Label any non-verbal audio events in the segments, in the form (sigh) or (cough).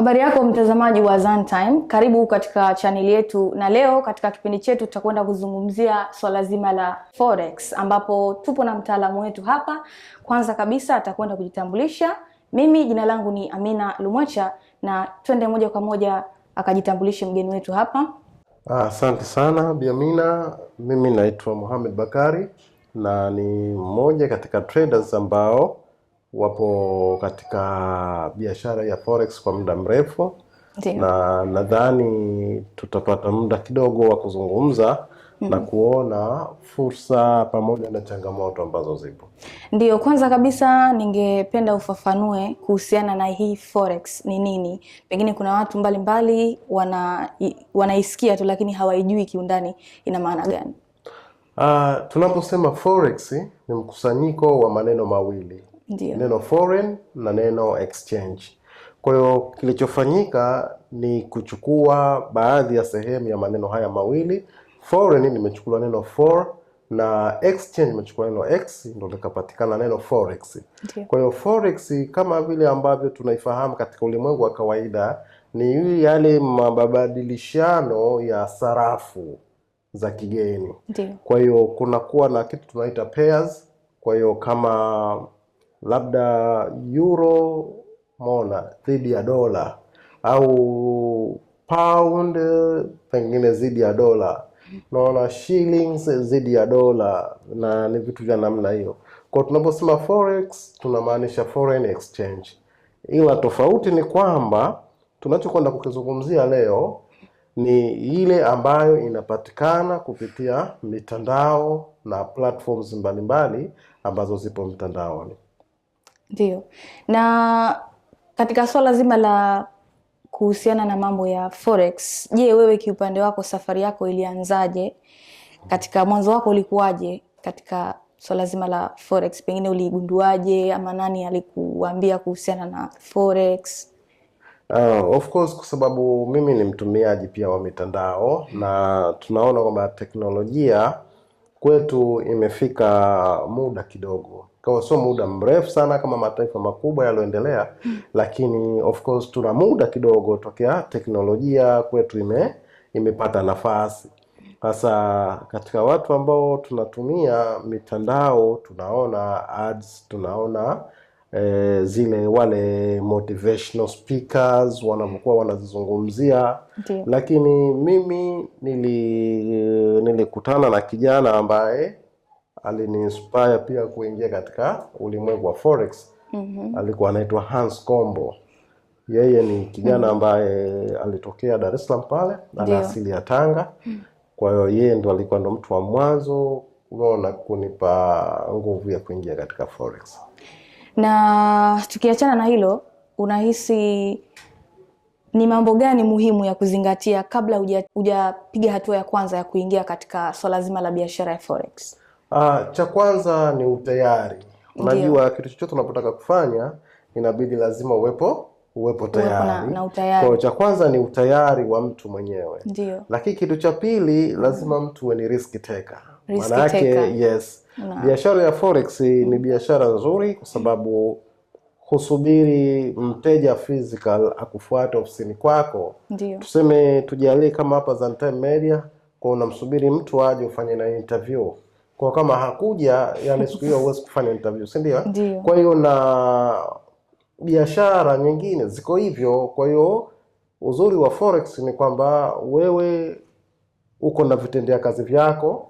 Habari yako mtazamaji wa Zantime, karibu katika chaneli yetu, na leo katika kipindi chetu tutakwenda kuzungumzia swala zima la forex, ambapo tupo na mtaalamu wetu hapa. Kwanza kabisa atakwenda kujitambulisha. Mimi jina langu ni Amina Lumwacha, na twende moja kwa moja akajitambulishe mgeni wetu hapa. Ah, asante ah, sana Bi Amina. Mimi naitwa Mohamed Bakari na ni mmoja katika traders ambao wapo katika biashara ya forex kwa muda mrefu na nadhani tutapata muda kidogo wa kuzungumza Mm. na mm-hmm. kuona fursa pamoja na changamoto ambazo zipo. Ndiyo, kwanza kabisa ningependa ufafanue kuhusiana na hii forex ni nini. Pengine kuna watu mbalimbali mbali wanaisikia tu lakini hawaijui kiundani ina maana gani? Uh, tunaposema forex ni mkusanyiko wa maneno mawili Ndiyo. Neno foreign na neno exchange. Kwa hiyo kilichofanyika ni kuchukua baadhi ya sehemu ya maneno haya mawili. Foreign nimechukua neno for na exchange imechukua neno x ndio likapatikana neno forex. Kwa hiyo forex kama vile ambavyo tunaifahamu katika ulimwengu wa kawaida ni yale mabadilishano ya sarafu za kigeni. Kwa hiyo kunakuwa na kitu tunaita pairs. Kwa hiyo kama labda euro mona dhidi ya dola au pound pengine dhidi ya dola, naona shillings dhidi ya dola, na ni vitu vya namna hiyo. Kwa tunaposema forex tunamaanisha foreign exchange, ila tofauti ni kwamba tunachokwenda kukizungumzia leo ni ile ambayo inapatikana kupitia mitandao na platforms mbalimbali ambazo zipo mtandaoni. Ndio. Na katika swala zima la kuhusiana na mambo ya forex, je, wewe kiupande wako safari yako ilianzaje? Katika mwanzo wako ulikuwaje katika swala zima la forex? Pengine uligunduaje ama nani alikuambia kuhusiana na forex? Uh, of course kwa sababu mimi ni mtumiaji pia wa mitandao na tunaona kwamba teknolojia kwetu imefika muda kidogo kwa sio muda mrefu sana kama mataifa makubwa yaliyoendelea Lakini of course tuna muda kidogo tokea teknolojia kwetu ime imepata nafasi. Sasa katika watu ambao tunatumia mitandao tunaona ads, tunaona E, zile wale motivational speakers wanavyokuwa wanazizungumzia, lakini mimi nili eh, nilikutana na kijana ambaye aliniinspire pia kuingia katika ulimwengu wa forex. mm -hmm. Alikuwa anaitwa Hans combo Yeye ni kijana mhm. ambaye mm -hmm. alitokea Dar es Salaam pale, ana asili ya Tanga. Mhm. Kwa hiyo yeye ndo alikuwa ndo mtu wa mwanzo unaona kunipa nguvu ya kuingia katika forex. Na tukiachana na hilo, unahisi ni mambo gani muhimu ya kuzingatia kabla hujapiga hatua ya kwanza ya kuingia katika swala so zima la biashara ya forex? Uh, cha kwanza ni utayari. Unajua kitu chochote unapotaka kufanya inabidi lazima uwepo uwepo tayari. Kwa cha kwanza ni utayari wa mtu mwenyewe. Ndio. Lakini kitu cha pili lazima mm. mtu uwe ni risk taker. Maana yake yes. Biashara ya forex ni mm. biashara nzuri kwa sababu kusubiri mteja physical akufuate ofisini kwako. Ndio. Tuseme tujalie kama hapa Zantime Media kwa unamsubiri mtu aje ufanye na interview kwa kama hakuja yani, siku hiyo huwezi kufanya interview, si ndio? Kwa hiyo na biashara nyingine ziko hivyo. Kwa hiyo uzuri wa forex ni kwamba wewe uko na vitendea kazi vyako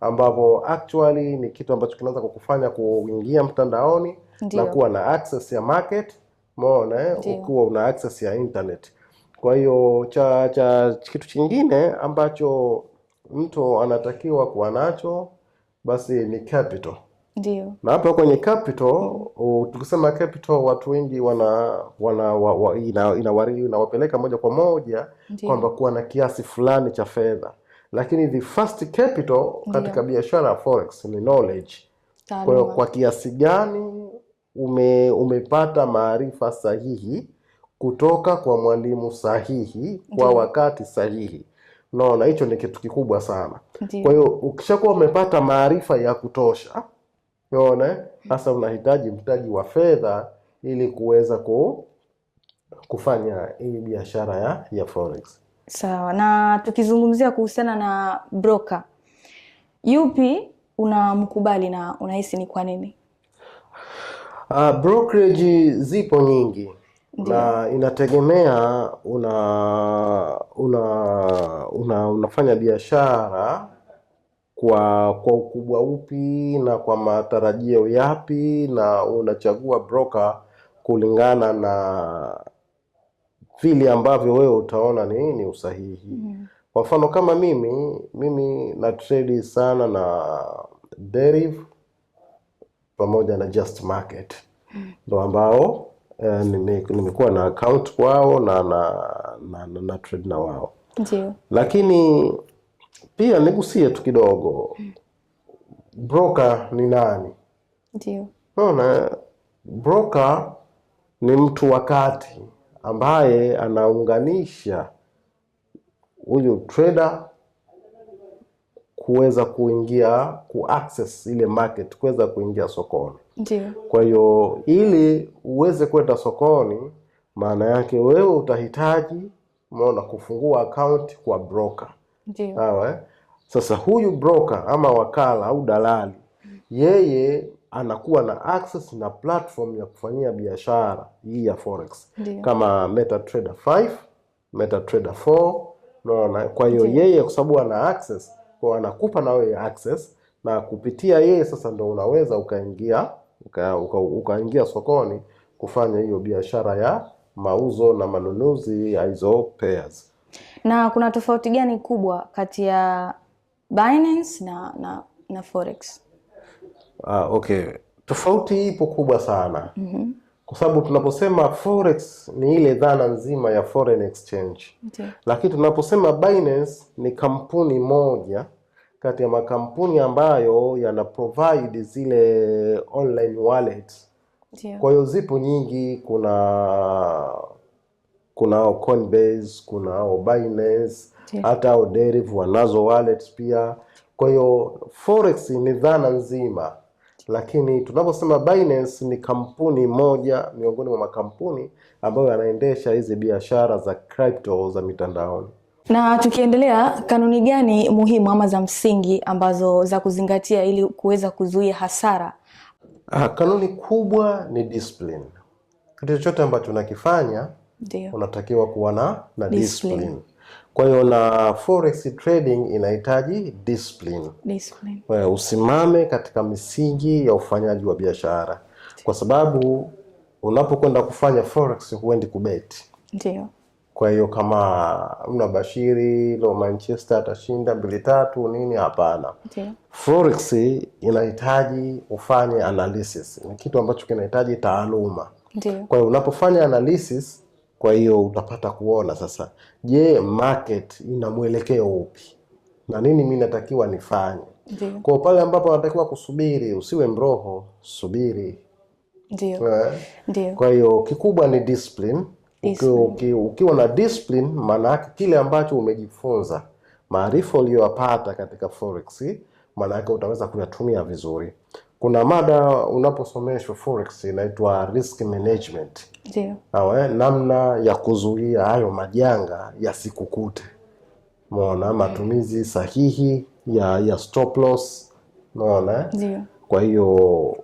ambavyo actually ni kitu ambacho kinaweza kukufanya kuingia mtandaoni Ndiyo. na kuwa na access ya market umeona, eh? ukiwa una access ya internet. Kwa hiyo cha, cha kitu chingine ambacho mtu anatakiwa kuwa nacho basi ni capital. Ndio. Na hapa kwenye capital tukisema capital, watu wengi wana, wana wa, wa, ina, inawari inawapeleka moja kwa moja kwamba kuwa na kiasi fulani cha fedha, lakini the first capital katika biashara ya forex ni knowledge. Kwa hiyo kwa kiasi gani ume, umepata maarifa sahihi kutoka kwa mwalimu sahihi kwa wakati sahihi naona hicho ni kitu kikubwa sana. Kwa hiyo ukishakuwa umepata maarifa ya kutosha, unaona sasa unahitaji mtaji wa fedha ili kuweza ku, kufanya hii biashara ya, ya forex. Sawa. Na tukizungumzia kuhusiana na broker, yupi unamkubali na unahisi ni kwa nini? Uh, brokerage zipo nyingi na inategemea una una, una unafanya biashara kwa kwa ukubwa upi na kwa matarajio yapi, na unachagua broker kulingana na vile ambavyo wewe utaona ni, ni usahihi yeah. Kwa mfano kama mimi mimi na trade sana na derive pamoja na Just Market hmm. ndo ambao Eh, nimekuwa na account wao na na, na, na, na trade na wao ndio. Lakini pia nigusie tu kidogo broker ni nani? Ndio. Ona, broker ni mtu wa kati ambaye anaunganisha huyu trader kuweza kuingia access ile market, kuweza kuingia sokoni. Kwa hiyo ili uweze kwenda sokoni, maana yake wewe utahitaji umeona, kufungua akaunti kwa broker. Ndiyo. Sawa. Eh? Sasa huyu broker ama wakala au dalali, yeye anakuwa na access na platform ya kufanyia biashara hii ya forex. Ndiyo. Kama MetaTrader 5, MetaTrader 4, unaona. Kwa hiyo yeye kwa sababu ana access, kwa anakupa na wewe access na kupitia yeye sasa ndo unaweza ukaingia ukaingia uka, uka sokoni kufanya hiyo biashara ya mauzo na manunuzi ya hizo pairs. Na kuna tofauti gani kubwa kati ya Binance na na, na Forex? Ah, okay, tofauti ipo kubwa sana mm -hmm. Kwa sababu tunaposema Forex ni ile dhana nzima ya foreign exchange okay. Lakini tunaposema Binance ni kampuni moja kati ya makampuni ambayo yana provide zile online wallet. Kwa hiyo zipo nyingi, kuna kunao Coinbase, kunao Binance, hata Deriv wanazo wallets pia. Kwa hiyo forex ni dhana nzima, lakini tunaposema Binance ni kampuni moja miongoni mwa makampuni ambayo yanaendesha hizi biashara za crypto za mitandaoni. Na tukiendelea, kanuni gani muhimu ama za msingi ambazo za kuzingatia ili kuweza kuzuia hasara? Ha, ah, kanuni kubwa ni discipline. Kitu chochote ambacho unakifanya unatakiwa kuwa na na discipline. Discipline. Kwa hiyo na forex trading inahitaji discipline. Discipline. We, usimame katika misingi ya ufanyaji wa biashara, kwa sababu unapokwenda kufanya forex huendi kubeti. Ndio. Kwa hiyo kama bashiri lo Manchester atashinda mbili tatu nini, hapana. Forex inahitaji ufanye analysis, ni kitu ambacho kinahitaji taaluma. Kwa hiyo unapofanya analysis, kwa hiyo utapata kuona sasa, je, market ina mwelekeo upi na nini mi natakiwa nifanye. Kwa pale ambapo natakiwa kusubiri, usiwe mroho, subiri. Ndio, eh? Kwa hiyo kikubwa ni discipline ukiwa, na discipline, maana yake kile ambacho umejifunza, maarifa uliyopata katika forex, maana yake utaweza kuyatumia vizuri. Kuna mada unaposomeshwa forex inaitwa risk management, eh, namna ya kuzuia hayo majanga yasikukute. mona matumizi sahihi ya ya stop loss. Eh? kwa hiyo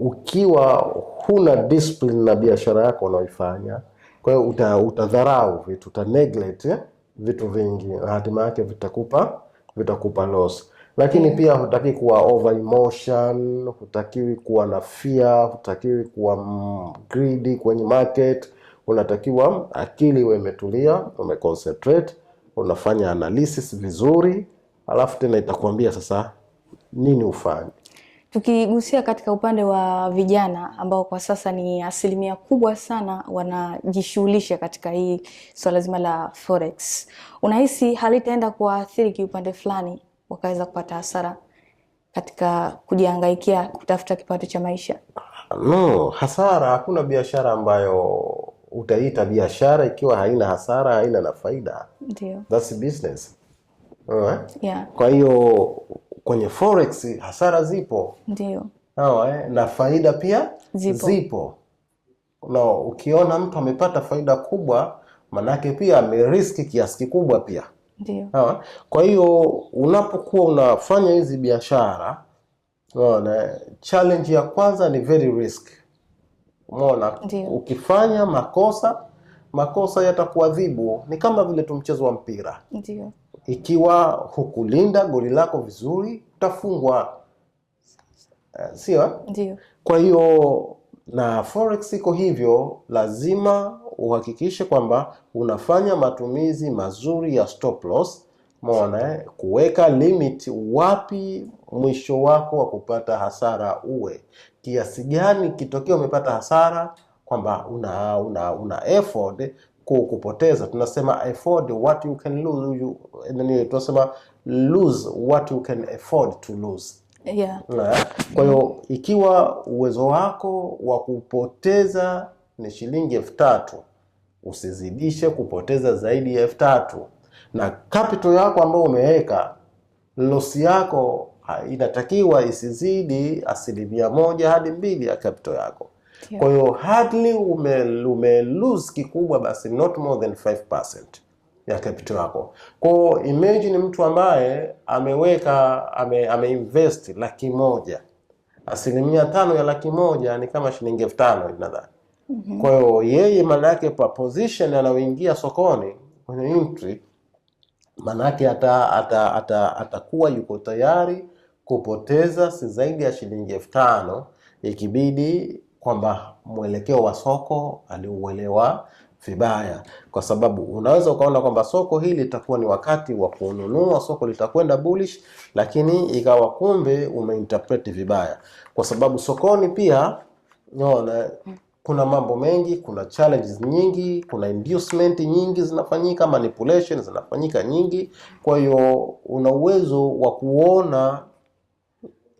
ukiwa hakuna discipline na biashara yako unaoifanya. Kwa hiyo uta, utadharau vitu uta neglect eh, vitu vingi na hatima yake vitakupa vitakupa loss. Lakini pia hutaki kuwa over emotion, hutakiwi kuwa na fear, hutakiwi kuwa mm, greedy kwenye market. Unatakiwa akili iwe imetulia, umeconcentrate, unafanya analysis vizuri, alafu tena itakwambia sasa nini ufanye. Tukigusia katika upande wa vijana ambao kwa sasa ni asilimia kubwa sana wanajishughulisha katika hii swala zima la forex, unahisi halitaenda kuwaathiri kiupande fulani, wakaweza kupata hasara katika kujihangaikia kutafuta kipato cha maisha? No, hasara. Hakuna biashara ambayo utaita biashara ikiwa haina hasara, haina na faida. Ndio, that's business. Uh, yeah. Kwa hiyo kwenye forex hasara zipo, ndio sawa eh, na faida pia zipo, zipo. Na ukiona mtu amepata faida kubwa, manake pia ameriski kiasi kikubwa pia, ndio sawa. Kwa hiyo unapokuwa unafanya hizi biashara, unaona challenge ya kwanza ni very risk, unaona ukifanya makosa makosa yatakuadhibu. Ni kama vile tu mchezo wa mpira, ndio ikiwa hukulinda goli lako vizuri utafungwa, eh, sio Kwa hiyo na forex iko hivyo, lazima uhakikishe kwamba unafanya matumizi mazuri ya stop loss, maona kuweka limit wapi mwisho wako wa kupata hasara uwe kiasi gani, kitokea umepata hasara kwamba una, una, una effort kupoteza, tunasema afford what you can lose you, nini, tunasema lose what you can afford to lose yeah. Kwa hiyo ikiwa uwezo wako wa kupoteza ni shilingi elfu tatu usizidishe kupoteza zaidi ya elfu tatu na capital yako ambayo umeweka losi yako inatakiwa isizidi asilimia moja hadi mbili ya capital yako. Kwa hiyo hardly ume, ume lose kikubwa basi not more than 5% ya capital yako. Kwa imagine mtu ambaye ameweka ame, ameinvest laki moja, asilimia tano ya laki moja ni kama shilingi elfu tano nadhani. Mm -hmm. Kwa hiyo yeye maana yake per position anayoingia sokoni kwenye entry maana yake ata, ata, ata, ata yuko tayari kupoteza si zaidi ya shilingi elfu tano ikibidi kwamba mwelekeo wa soko aliuelewa vibaya, kwa sababu unaweza ukaona kwamba soko hili litakuwa ni wakati wa kununua, soko litakwenda bullish, lakini ikawa kumbe umeinterpret vibaya, kwa sababu sokoni pia unaona kuna mambo mengi, kuna challenges nyingi, kuna inducement nyingi zinafanyika, manipulation zinafanyika nyingi. Kwa hiyo una uwezo wa kuona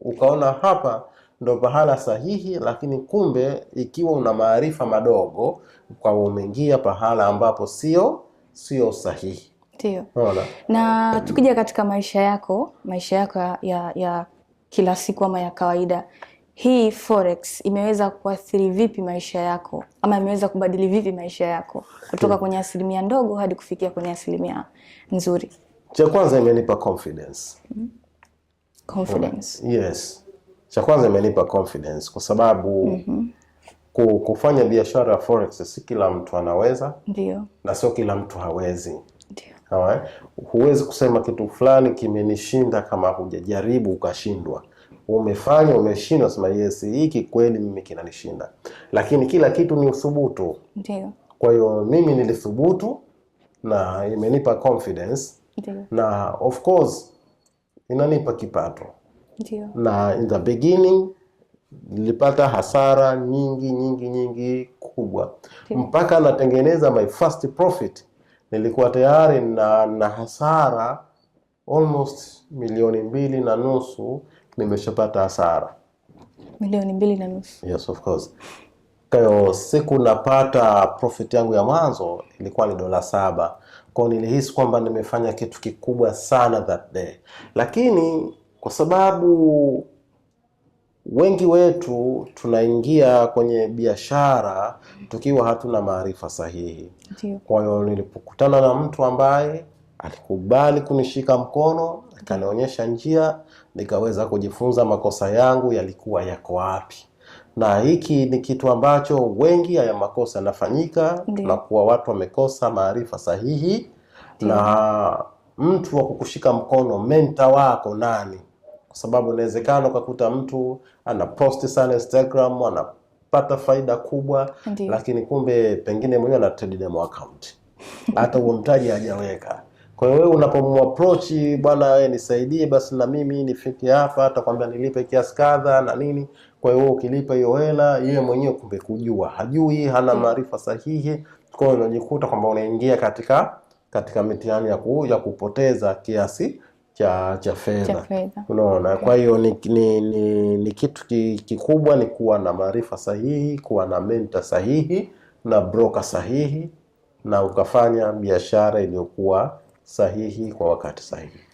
ukaona hapa ndo pahala sahihi, lakini kumbe ikiwa una maarifa madogo, kwa umeingia pahala ambapo sio sio sahihi. Ndio. Na tukija katika maisha yako maisha yako ya, ya kila siku ama ya kawaida, hii forex imeweza kuathiri vipi maisha yako ama imeweza kubadili vipi maisha yako kutoka kwenye asilimia ndogo hadi kufikia kwenye asilimia nzuri? Cha kwanza imenipa confidence. Confidence. Yes. Cha kwanza imenipa confidence kwa sababu mm -hmm. kufanya biashara ya forex si kila mtu anaweza, ndio, na sio kila mtu hawezi. Ndio, eh? huwezi kusema kitu fulani kimenishinda kama hujajaribu ukashindwa. Umefanya, umeshindwa, sema yes, hiki kweli mimi kinanishinda, lakini kila kitu ni uthubutu. Ndio, kwa hiyo mimi nilithubutu na imenipa confidence. Ndiyo. na of course inanipa kipato. Ndiyo. Na in the beginning nilipata hasara nyingi nyingi nyingi kubwa. Ndiyo. Mpaka natengeneza my first profit nilikuwa tayari na, na hasara almost milioni mbili na nusu nimeshapata hasara milioni mbili na nusu. Yes, of course. Kayo, siku napata profit yangu ya mwanzo ilikuwa ni dola saba. Kwa nilihisi kwamba nimefanya kitu kikubwa sana that day, lakini kwa sababu wengi wetu tunaingia kwenye biashara tukiwa hatuna maarifa sahihi. Kwa hiyo nilipokutana na mtu ambaye alikubali kunishika mkono akanionyesha njia, nikaweza kujifunza makosa yangu yalikuwa yako wapi, na hiki ni kitu ambacho wengi, haya makosa yanafanyika, tunakuwa watu wamekosa maarifa sahihi. Ndiyo. na mtu wa kukushika mkono, menta wako nani? kwa sababu inawezekana ukakuta mtu ana post sana Instagram, anapata faida kubwa Ndiyo. lakini kumbe pengine mwenyewe ana trade demo account (laughs) hata huo mtaji hajaweka. Kwa hiyo wewe unapomapproach, bwana wewe nisaidie basi na mimi nifike hapa, atakwambia nilipe kiasi kadha na nini. Kwa hiyo ukilipa hiyo hela, yeye mwenyewe kumbe kujua hajui, hana maarifa sahihi, kwa hiyo unajikuta kwamba unaingia katika katika mitihani ya, ku, ya kupoteza kiasi cha cha fedha, unaona. Kwa hiyo ni, ni, ni, ni kitu kikubwa ni kuwa na maarifa sahihi, kuwa na menta sahihi na broka sahihi, na ukafanya biashara iliyokuwa sahihi kwa wakati sahihi.